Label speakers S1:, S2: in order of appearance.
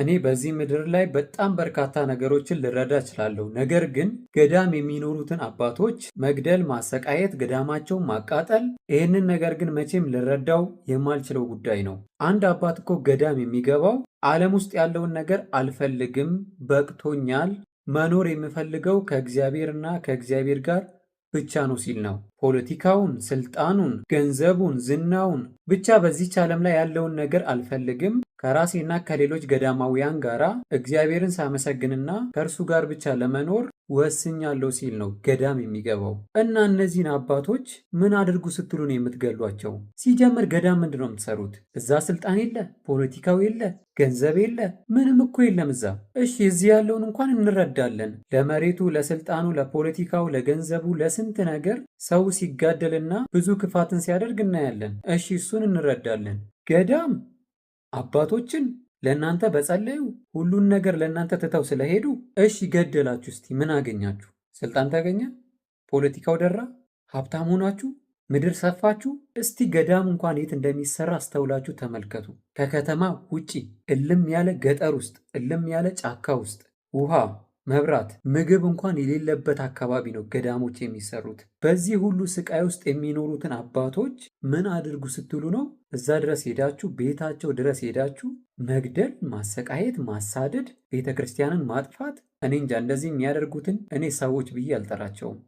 S1: እኔ በዚህ ምድር ላይ በጣም በርካታ ነገሮችን ልረዳ እችላለሁ። ነገር ግን ገዳም የሚኖሩትን አባቶች መግደል፣ ማሰቃየት፣ ገዳማቸውን ማቃጠል፣ ይህንን ነገር ግን መቼም ልረዳው የማልችለው ጉዳይ ነው። አንድ አባት እኮ ገዳም የሚገባው ዓለም ውስጥ ያለውን ነገር አልፈልግም፣ በቅቶኛል፣ መኖር የምፈልገው ከእግዚአብሔርና ከእግዚአብሔር ጋር ብቻ ነው ሲል ነው። ፖለቲካውን፣ ስልጣኑን፣ ገንዘቡን፣ ዝናውን ብቻ በዚች ዓለም ላይ ያለውን ነገር አልፈልግም ከራሴና ከሌሎች ገዳማውያን ጋራ እግዚአብሔርን ሳመሰግንና ከእርሱ ጋር ብቻ ለመኖር ወስኛለሁ ሲል ነው ገዳም የሚገባው። እና እነዚህን አባቶች ምን አድርጉ ስትሉ ነው የምትገሏቸው? ሲጀምር ገዳም ምንድን ነው የምትሰሩት? እዛ ስልጣን የለ፣ ፖለቲካው የለ፣ ገንዘብ የለ፣ ምንም እኮ የለም እዛ። እሺ እዚህ ያለውን እንኳን እንረዳለን። ለመሬቱ፣ ለስልጣኑ፣ ለፖለቲካው፣ ለገንዘቡ፣ ለስንት ነገር ሰው ሲጋደልና ብዙ ክፋትን ሲያደርግ እናያለን። እሺ እሱን እንረዳለን። ገዳም አባቶችን ለእናንተ በጸለዩ ሁሉን ነገር ለእናንተ ትተው ስለሄዱ እሺ ገደላችሁ። እስቲ ምን አገኛችሁ? ስልጣን ተገኘ? ፖለቲካው ደራ? ሀብታም ሆናችሁ? ምድር ሰፋችሁ? እስቲ ገዳም እንኳን የት እንደሚሰራ አስተውላችሁ ተመልከቱ። ከከተማ ውጪ እልም ያለ ገጠር ውስጥ፣ እልም ያለ ጫካ ውስጥ ውሃ መብራት፣ ምግብ እንኳን የሌለበት አካባቢ ነው ገዳሞች የሚሰሩት። በዚህ ሁሉ ስቃይ ውስጥ የሚኖሩትን አባቶች ምን አድርጉ ስትሉ ነው? እዛ ድረስ ሄዳችሁ ቤታቸው ድረስ ሄዳችሁ መግደል፣ ማሰቃየት፣ ማሳደድ፣ ቤተ ክርስቲያንን ማጥፋት። እኔ እንጃ እንደዚህ የሚያደርጉትን እኔ ሰዎች ብዬ አልጠራቸውም።